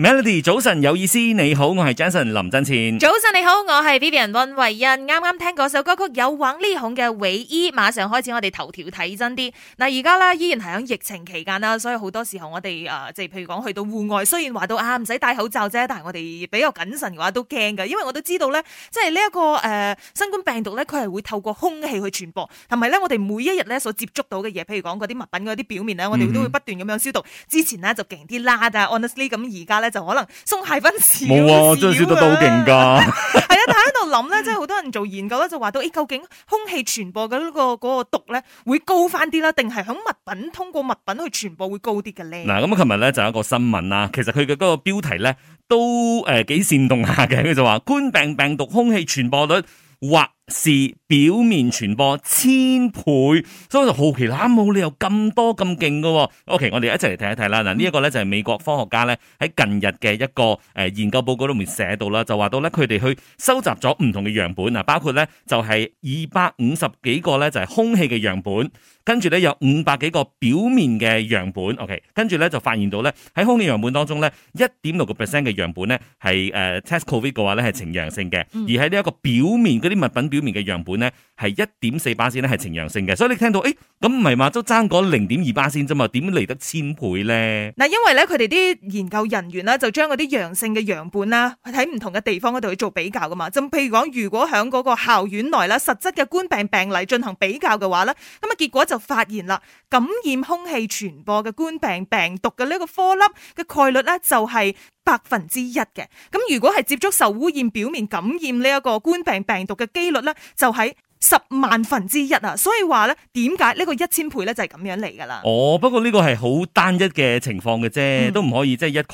Melody，早晨有意思，你好，我係 Jason 林振前。早晨你好，我係 Vivian 溫慧欣。啱啱聽嗰首歌曲有揾呢孔嘅尾衣，馬上開始我哋頭條睇真啲。嗱而家咧依然係響疫情期間啦，所以好多時候我哋啊即係譬如講去到戶外，雖然話到啊唔使戴口罩啫，但係我哋比較謹慎嘅話都驚嘅，因為我都知道咧，即係呢一個誒、呃、新冠病毒咧，佢係會透過空氣去傳播，同埋咧我哋每一日咧所接觸到嘅嘢，譬如講嗰啲物品嗰啲表面咧，我哋都會不斷咁樣消毒。Mm-hmm. 之前咧就勁啲啦，但係 Honestly 咁而家咧。就可能送蟹粉少少啦。係啊，大家喺度諗咧，即係好多人做研究咧，就話到誒，究竟空氣傳播嘅個嗰個毒咧，會高翻啲啦，定係響物品通過物品去傳播會高啲嘅咧？嗱、嗯，咁啊，琴日咧就有一個新聞啦，其實佢嘅嗰個標題咧都誒幾煽動下嘅，佢就話冠病病毒空氣傳播率或。是表面傳播千倍，所以我就好奇啦，冇理由咁多咁勁嘅。O.K.，我哋一齊嚟睇一睇啦。嗱，呢一個咧就係美國科學家咧喺近日嘅一個誒研究報告裏面寫到啦，就話到咧佢哋去收集咗唔同嘅樣本啊，包括咧就係二百五十幾個咧就係空氣嘅樣本，跟住咧有五百幾個表面嘅樣本。O.K.，跟住咧就發現到咧喺空氣樣本當中咧一點六個 percent 嘅樣本咧係誒 test covid 嘅話咧係呈陽性嘅，而喺呢一個表面嗰啲物品表。表面嘅樣本咧係一點四巴仙咧係呈陽性嘅，所以你聽到誒咁唔係嘛，都爭嗰零點二巴仙啫嘛，點嚟得千倍咧？嗱，因為咧佢哋啲研究人員啦就將嗰啲陽性嘅樣本啦去睇唔同嘅地方嗰度去做比較噶嘛，就譬如講，如果響嗰個校院內啦實質嘅冠病病例進行比較嘅話咧，咁啊結果就發現啦，感染空氣傳播嘅冠病病毒嘅呢個顆粒嘅概率咧就係、是。百分之一嘅，咁如果係接觸受污染表面感染呢一個冠病病毒嘅幾率咧，就喺。十萬分之一啊，所以話咧，點解呢個一千倍咧就係咁樣嚟噶啦？哦，不過呢個係好單一嘅情況嘅啫，都唔可以即係一概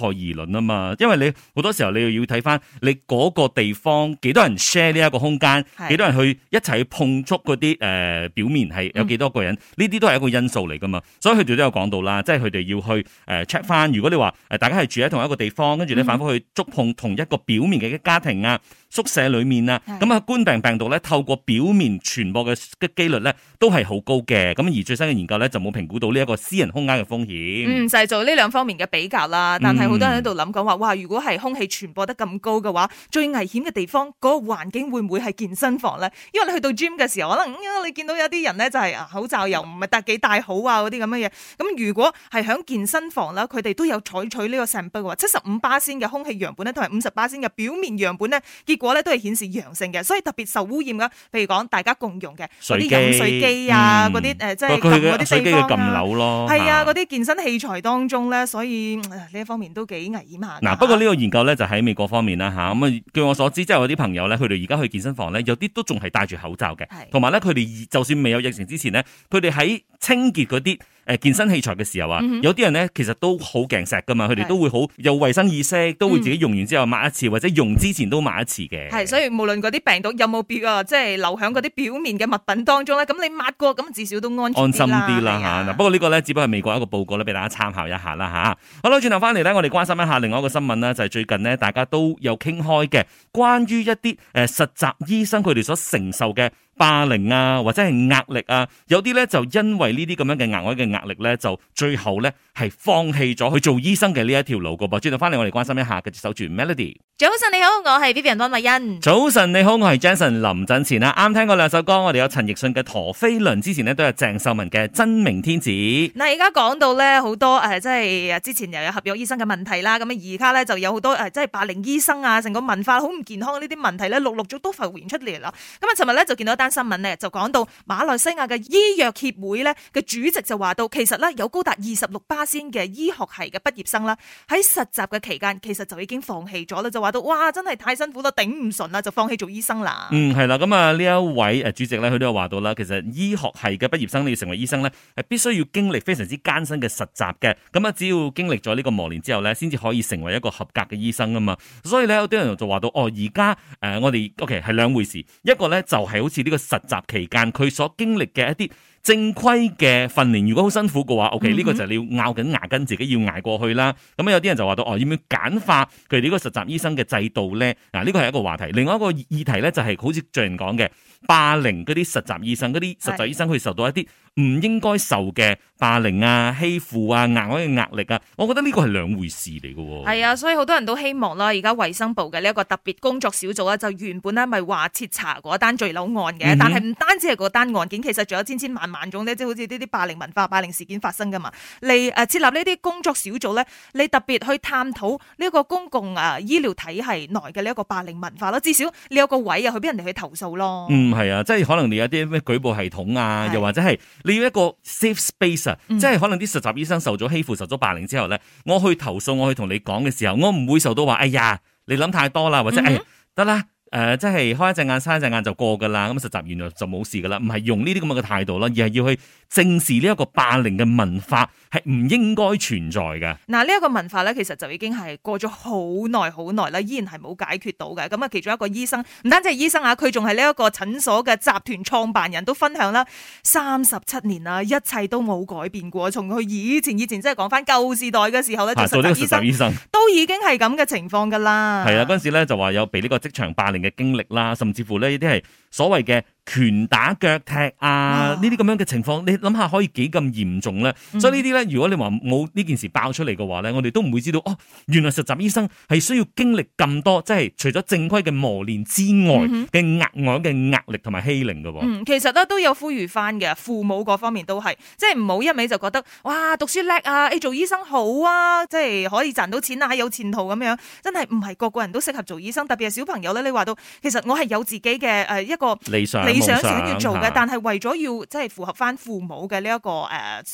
而論啊嘛。因為你好多時候你又要睇翻你嗰個地方幾多人 share 呢一個空間，幾多人去一齊去碰觸嗰啲誒表面係有幾多個人，呢、嗯、啲都係一個因素嚟噶嘛。所以佢哋都有講到啦，即係佢哋要去誒、呃、check 翻。如果你話誒、呃、大家係住喺同一個地方，跟住你反復去觸碰同一個表面嘅家庭啊。嗯 宿舍裏面啊，咁啊冠病病毒咧透過表面傳播嘅嘅機率咧都係好高嘅，咁而最新嘅研究咧就冇評估到呢一個私人空間嘅風險。嗯，就係、是、做呢兩方面嘅比較啦。但係好多人喺度諗講話，哇！如果係空氣傳播得咁高嘅話，最危險嘅地方嗰、那個環境會唔會係健身房咧？因為你去到 gym 嘅時候，可能你見到有啲人咧就係啊口罩又唔係戴幾戴好啊嗰啲咁嘅嘢。咁如果係響健身房啦，佢哋都有採取呢個 sample 嘅話，七十五巴仙嘅空氣樣本咧，同埋五十巴仙嘅表面樣本咧，結我咧都係顯示陽性嘅，所以特別受污染嘅，譬如講大家共用嘅水啲飲水機啊，嗰啲誒即係啲水機撳扭咯，係啊，嗰啲健身器材當中咧，所以呢一、呃、方面都幾危險下。嗱、啊，不過呢個研究咧就喺美國方面啦嚇，咁啊據我所知，即係我啲朋友咧，佢哋而家去健身房咧，有啲都仲係戴住口罩嘅，同埋咧佢哋就算未有疫情之前咧，佢哋喺清潔嗰啲。誒，健身器材嘅時候啊、嗯，有啲人咧其實都好勁石噶嘛，佢哋都會好有衛生意識，都會自己用完之後抹一次，嗯、或者用之前都抹一次嘅。係，所以無論嗰啲病毒有冇別啊，即係留響嗰啲表面嘅物品當中咧，咁你抹過，咁至少都安安心啲啦吓。嗱、啊啊，不過呢個咧，只不過係美國一個報告咧，俾大家參考一下啦吓。好啦，轉頭翻嚟咧，我哋關心一下另外一個新聞啦，就係、是、最近呢，大家都有傾開嘅，關於一啲誒實習醫生佢哋所承受嘅。霸凌啊，或者係壓力啊，有啲咧就因為呢啲咁樣嘅額外嘅壓力咧，就最後咧係放棄咗去做醫生嘅呢一條路噶噃。轉到翻嚟，我哋關心一下繼續守住 Melody。早晨你好，我係 Vivian 溫慧欣。早晨你好，我係 Jason。林振前啊，啱聽過兩首歌，我哋有陳奕迅嘅《陀飛輪》，之前呢都有鄭秀文嘅《真命天子》。嗱，而家講到咧好多誒，即係之前又有合約醫生嘅問題啦，咁啊而家咧就有好多誒，即、呃、係霸凌醫生啊，成個文化好唔健康呢啲問題咧，陸陸續續都浮現出嚟啦。咁啊，尋日咧就見到新聞呢就講到馬來西亞嘅醫藥協會呢嘅主席就話到，其實呢有高達二十六巴仙嘅醫學系嘅畢業生啦，喺實習嘅期間其實就已經放棄咗啦，就話到哇，真係太辛苦咯，頂唔順啦，就放棄做醫生啦。嗯，係啦，咁啊呢一位誒主席呢，佢都有話到啦，其實醫學系嘅畢業生你要成為醫生呢，係必須要經歷非常之艱辛嘅實習嘅。咁啊，只要經歷咗呢個磨練之後呢，先至可以成為一個合格嘅醫生啊嘛。所以呢有啲人就話到，哦而家誒我哋，OK 係兩回事，一個呢就係好似呢、呢個。個實習期間，佢所經歷嘅一啲正規嘅訓練，如果好辛苦嘅話，OK，呢、嗯呢個就係你要咬緊牙根，自己要捱過去啦。咁有啲人就話到，哦，要唔要簡化佢哋呢個實習醫生嘅制度咧？嗱、啊，呢個係一個話題。另外一個議題咧、就係，就係好似最近講嘅，霸凌嗰啲實習醫生、嗰啲實習醫生，佢受到一啲唔應該受嘅霸凌啊、欺負啊、額外嘅壓力啊。我覺得呢個係兩回事嚟嘅喎。係啊，所以好多人都希望啦，而家衞生部嘅呢一個特別工作小組啊，就原本咧咪話徹查嗰單墜樓案嘅、嗯，但係唔單止係嗰單案件，其實仲有千千萬萬萬種咧，即係好似呢啲霸凌文化、霸凌事件發生噶嘛？你誒設立呢啲工作小組咧，你特別去探討呢個公共誒醫療體系內嘅呢一個霸凌文化咯。至少你有個位啊，去俾人哋去投訴咯。嗯，係啊，即係可能你有啲咩舉報系統啊，又或者係你要一個 safe space 啊，即係可能啲實習醫生受咗欺負、受咗霸凌之後咧，我去投訴，我去同你講嘅時候，我唔會受到話哎呀，你諗太多啦，或者誒得啦。哎誒、呃，即係開一隻眼，塞一隻眼就過噶啦。咁實習完就冇事噶啦，唔係用呢啲咁嘅態度啦，而係要去正視呢一個霸凌嘅文化係唔應該存在㗎。嗱，呢一個文化咧，其實就已經係過咗好耐好耐啦，依然係冇解決到嘅。咁啊，其中一個醫生唔單止係醫生啊，佢仲係呢一個診所嘅集團創辦人都分享啦，三十七年啦，一切都冇改變過。從佢以前以前，即係講翻舊時代嘅時候咧，啊，做呢個實習醫生，習醫生都已經係咁嘅情況噶啦。係啊，嗰陣時咧就話有被呢個職場霸凌。嘅經歷啦，甚至乎呢啲係所謂嘅拳打腳踢啊，呢啲咁樣嘅情況，你諗下可以幾咁嚴重呢？嗯、所以呢啲呢，如果你話冇呢件事爆出嚟嘅話呢，我哋都唔會知道哦。原來實習醫生係需要經歷咁多，即係除咗正規嘅磨練之外嘅、嗯、額外嘅壓力同埋欺凌㗎喎、嗯。其實咧都有呼籲返嘅，父母各方面都係，即係唔好一味就覺得哇讀書叻啊，誒、欸、做醫生好啊，即係可以賺到錢啊，有前途咁樣，真係唔係個個人都適合做醫生，特別係小朋友咧，你話其實我係有自己嘅誒一個理想，理想想要做嘅，但係為咗要即係符合翻父母嘅呢一個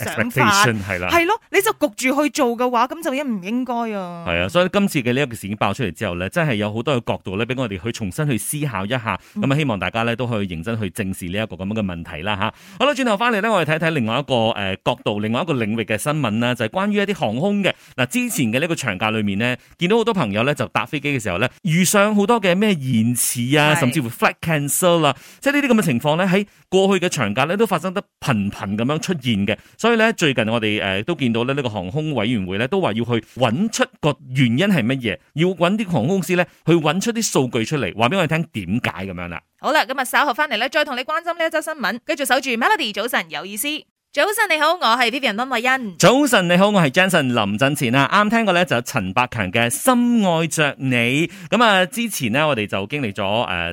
誒想法係啦，係咯，你就焗住去做嘅話，咁就應唔應該啊？係啊，所以今次嘅呢一個事件爆出嚟之後呢，真係有好多嘅角度咧，俾我哋去重新去思考一下。咁、嗯、啊，希望大家咧都可以認真去正視呢一個咁樣嘅問題啦。吓，好啦，轉頭翻嚟呢，我哋睇睇另外一個誒角度，另外一個領域嘅新聞啦，就係、是、關於一啲航空嘅嗱。之前嘅呢個長假裏面呢，見到好多朋友咧就搭飛機嘅時候呢，遇上好多嘅咩延遲啊，甚至乎 flight cancel 啊，即係呢啲咁嘅情況咧，喺過去嘅長假咧都發生得頻頻咁樣出現嘅。所以咧，最近我哋誒都見到咧，呢個航空委員會咧都話要去揾出個原因係乜嘢，要揾啲航空公司咧去揾出啲數據出嚟，話俾我哋聽點解咁樣啦。好啦，今日稍後翻嚟咧，再同你關心呢一則新聞，繼續守住 Melody 早晨有意思。早晨你好，我係 Vivian 溫慧欣。早晨你好，我係 Jason 林振前啊。啱聽過咧就陳百強嘅深愛着你。咁啊，之前咧我哋就經歷咗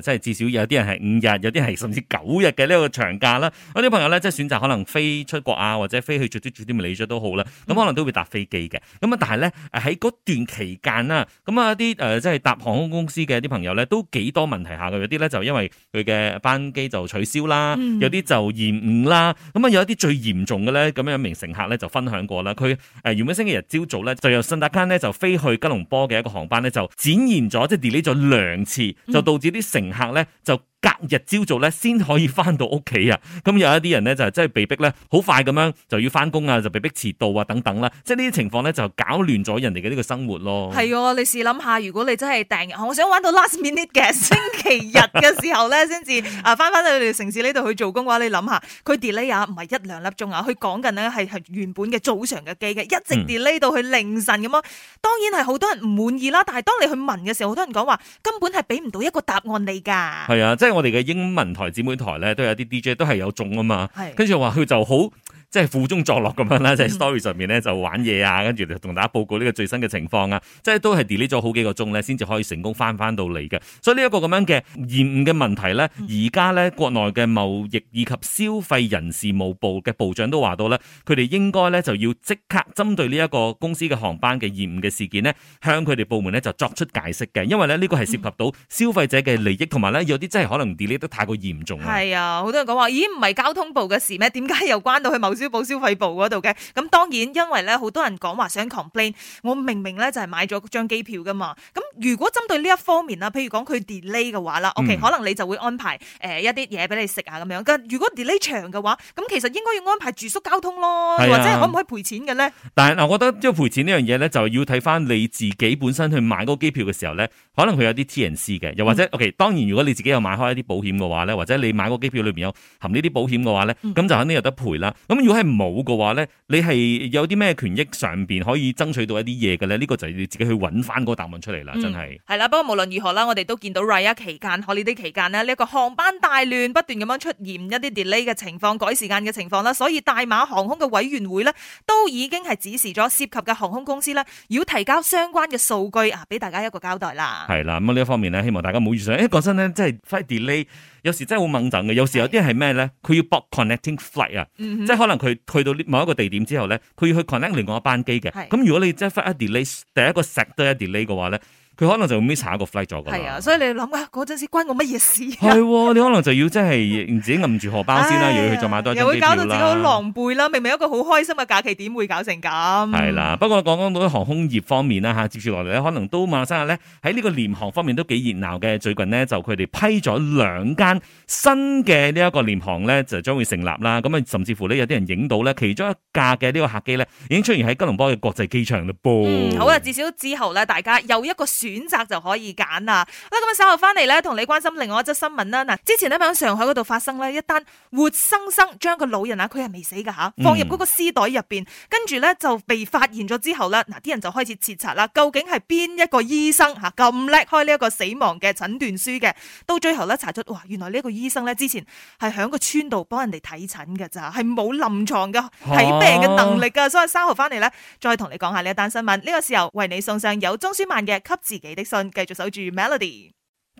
誒，即、呃、係至少有啲人係五日，有啲係甚至九日嘅呢個長假啦。有啲朋友咧即係選擇可能飛出國啊，或者飛去住啲住啲 m a 咗都好啦。咁可能都會搭飛機嘅。咁、嗯、啊，但係咧喺嗰段期間啦，咁啊啲誒即係搭航空公司嘅啲朋友咧都幾多問題下嘅。有啲咧就因為佢嘅班機就取消啦，有啲就延誤啦。咁、嗯、啊有一啲最嚴重嘅咧，咁樣一名乘客咧就分享過啦，佢、呃、原本星期日朝早咧就由新加坡咧就飛去吉隆坡嘅一個航班咧就展延咗，即係 delay 咗兩次，就導致啲乘客咧就隔日朝早咧先可以翻到屋企啊，咁有一啲人咧就真係被逼咧好快咁樣就要翻工啊，就被逼遲到啊等等啦，即係呢啲情況咧就搞亂咗人哋嘅呢個生活咯。係，你試諗下，如果你真係訂，我想玩到 last minute 嘅。 其日嘅時候咧，先至啊翻翻去城市呢度去做工嘅話，你諗下，佢 delay 啊，唔係一兩粒鐘啊，佢講緊咧係係原本嘅早上嘅機嘅，一直 delay 到去凌晨咁咯。嗯、當然係好多人唔滿意啦，但係當你去問嘅時候，好多人講話根本係俾唔到一個答案你噶。係啊，即係我哋嘅英文台姊妹台咧，都有啲 DJ 都係有種啊嘛。係，跟住話佢就好。即係苦中作樂咁樣啦，即、嗯、係、就是、story 上面咧就玩嘢啊，跟住就同大家報告呢個最新嘅情況啊！即係都係 delay 咗好幾個鐘咧，先至可以成功翻翻到嚟嘅。所以呢一個咁樣嘅延誤嘅問題咧，而家咧國內嘅貿易以及消費人事務部嘅部長都話到咧，佢哋應該咧就要即刻針對呢一個公司嘅航班嘅延誤嘅事件呢，向佢哋部門咧就作出解釋嘅，因為咧呢、這個係涉及到消費者嘅利益，同埋咧有啲真係可能 delay 得太過嚴重啊！係啊，好多人講話，咦唔係交通部嘅事咩？點解又關到去某。消保消費部嗰度嘅，咁當然因為咧，好多人講話想 complain，我明明咧就係買咗張機票噶嘛，咁如果針對呢一方面啦，譬如講佢 delay 嘅話啦、嗯、，OK，可能你就會安排誒一啲嘢俾你食啊咁樣。咁如果 delay 長嘅話，咁其實應該要安排住宿交通咯，啊、或者可唔可以賠錢嘅咧？但嗱，我覺得即賠錢呢樣嘢咧，就要睇翻你自己本身去買嗰個機票嘅時候咧，可能佢有啲 T N C 嘅，又或者、嗯、OK，當然如果你自己有買開一啲保險嘅話咧，或者你買嗰個機票裏邊有含呢啲保險嘅話咧，咁、嗯、就肯定有得賠啦。咁如果係冇嘅話咧，你係有啲咩權益上邊可以爭取到一啲嘢嘅咧？呢、這個就係你自己去揾翻嗰個答案出嚟啦、嗯，真係。係啦，不過無論如何啦，我哋都見到，Raya 期間，可呢啲期間咧，呢、這、一個航班大亂，不斷咁樣出現一啲 delay 嘅情況、改時間嘅情況啦，所以大馬航空嘅委員會呢，都已經係指示咗涉及嘅航空公司呢，要提交相關嘅數據啊，俾大家一個交代啦。係啦，咁呢一方面呢，希望大家冇遇上。誒、欸，講真呢，即係 flight delay，有時真係好猛等嘅，有時有啲係咩呢？佢要 book connecting flight 啊、嗯，即係可能。佢去到某一個地點之後，咧，佢要去 connect 另外一班機嘅。咁如果你即係一 delay，第一個 sector 一 delay 嘅話，咧。佢可能就 miss 下一個 flight 咗噶啦，係啊，所以你諗下嗰陣時關我乜嘢事啊？係、啊，你可能就要真係自己揞住荷包先啦，又、 哎、要去再買多一張機票，又會搞到自己好狼狽啦！明明一個好開心嘅假期，點會搞成咁？係啦、啊，不過講講到航空業方面啦吓，接住落嚟可能都馬上咧喺呢個廉航方面都幾熱鬧嘅。最近呢，就佢哋批咗兩間新嘅呢一個廉航咧就將會成立啦。咁啊，甚至乎咧有啲人影到咧其中一架嘅呢個客機咧已經出現喺吉隆坡嘅國際機場啦。噃、嗯。好啊，至少之後咧大家有一個。選擇就可以揀啦。好啦，咁啊，三號翻嚟咧，同你關心另外一則新聞啦。嗱，之前咧響上海嗰度發生呢一單活生生將個老人啊，佢係未死噶吓，放入嗰個屍袋入邊，跟住咧就被發現咗之後咧，嗱啲人就開始徹查啦。究竟係邊一個醫生吓咁叻開呢一個死亡嘅診斷書嘅？到最後咧查出，哇，原來呢個醫生咧之前係響個村度幫人哋睇診嘅咋，係冇臨床嘅睇病嘅能力噶、啊。所以三號翻嚟咧，再同你講下呢一單新聞。呢、這個時候為你送上由鐘舒曼嘅自己的信繼續守住 Melody。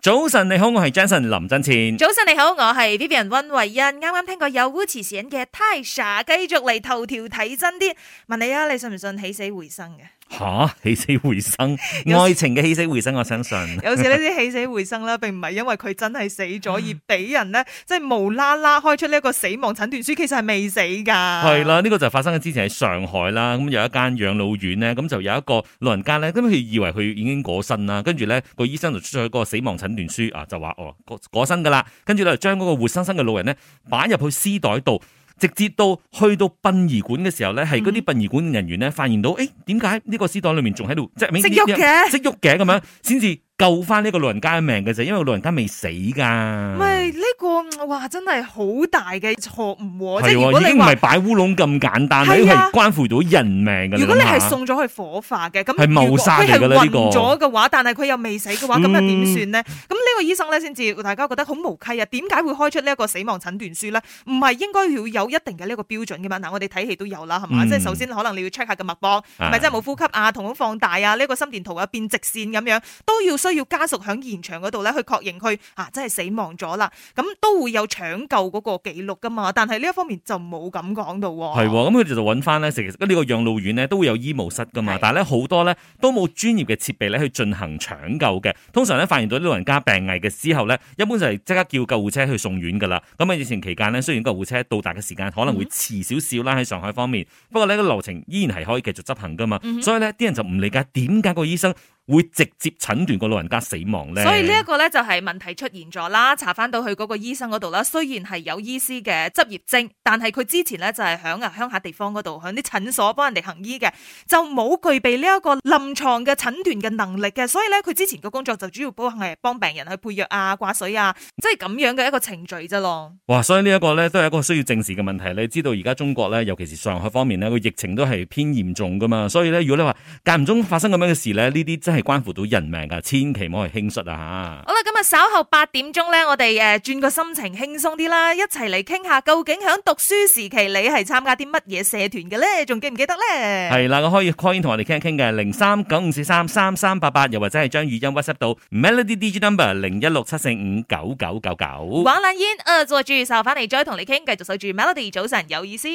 早晨你好，我係 Jason 林振前。早晨你好，我係 Vivian 溫慧欣。啱啱聽過有烏池線嘅 Tasha，繼續嚟頭條睇真啲。問你啊，你信唔信起死回生嘅？吓，起死回生，愛情嘅起死回生， 我相信。有時呢啲起死回生咧，並唔係因為佢真係死咗 而俾人咧，即係無啦啦開出呢一個死亡診斷書，其實係未死噶。係啦，呢、呢個就發生喺之前喺上海啦，咁有一間養老院咧，咁就有一個老人家咧，咁佢以為佢已經過身啦，跟住咧個醫生就出咗一個死亡診斷書啊，就話哦，過身噶啦，跟住咧將嗰個活生生嘅老人咧，擺入去屍袋度。直至到去到殯儀館嘅時候咧，係嗰啲殯儀館人員咧發現到，誒、嗯，點解呢個屍袋裏面仲喺度即係，識喐嘅，識喐嘅咁樣，先至。 救翻呢個老人家嘅命嘅啫，因為個老人家未死噶。唔係呢個哇，真係好大嘅錯誤。係、哦，已經唔係擺烏龍咁簡單啦，係啊，關乎到人命噶。如果你係送咗去火化嘅，咁係冇晒嘅呢個。暈咗嘅話，但係佢又未死嘅話，咁又點算呢？咁呢個醫生咧，先至大家覺得好無稽啊！點解會開出呢一個死亡診斷書咧？唔係應該要有一定嘅呢個標準嘅嘛？嗱、嗯，我哋睇戲都有啦，係嘛？即係首先可能你要 check 下個脈搏，係咪真係冇呼吸啊？瞳孔放大啊？呢、這個心電圖啊變直線咁樣，都要都要家屬喺現場嗰度咧去確認佢啊，真係死亡咗啦。咁都會有搶救嗰個記錄噶嘛。但係呢一方面就冇咁講到。係咁佢哋就揾翻呢。其實呢個養老院呢，都會有醫務室噶嘛。但係咧，好多呢都冇專業嘅設備咧去進行搶救嘅。通常咧，發現到老人家病危嘅時候呢，一般就係即刻叫救護車去送院噶啦。咁啊疫情期間呢，雖然救護車到達嘅時間可能會遲少少啦，喺上海方面，不過呢個流程依然係可以繼續執行噶嘛。所以呢啲人就唔理解點解個醫生。會直接診斷個老人家死亡咧，所以呢一個咧就係問題出現咗啦。查翻到去嗰個醫生嗰度啦，雖然係有醫師嘅執業證，但係佢之前咧就係響啊鄉下地方嗰度響啲診所幫人哋行醫嘅，就冇具備呢一個臨床嘅診斷嘅能力嘅。所以咧佢之前個工作就主要係幫病人去配藥啊、掛水啊，即係咁樣嘅一個程序啫咯。哇！所以呢一個咧都係一個需要正視嘅問題。你知道而家中國咧，尤其是上海方面咧，個疫情都係偏嚴重噶嘛。所以咧，如果你話間唔中發生咁樣嘅事咧，呢啲真係。關乎到人命噶，千祈唔可以輕率啊！吓，好啦，今日稍後八點鐘咧，我哋誒轉個心情輕鬆啲啦，一齊嚟傾下究竟響讀書時期你係參加啲乜嘢社團嘅咧？仲記唔記得咧？係、嗯、啦，我可以 call in 同我哋傾一傾嘅零三九五四三三三八八，又或者係將語音 WhatsApp 到 Melody D G Number 零一六七四五九九九九。王冷煙，誒，再住稍後，翻嚟再同你傾，繼續守住 Melody 早晨有意思。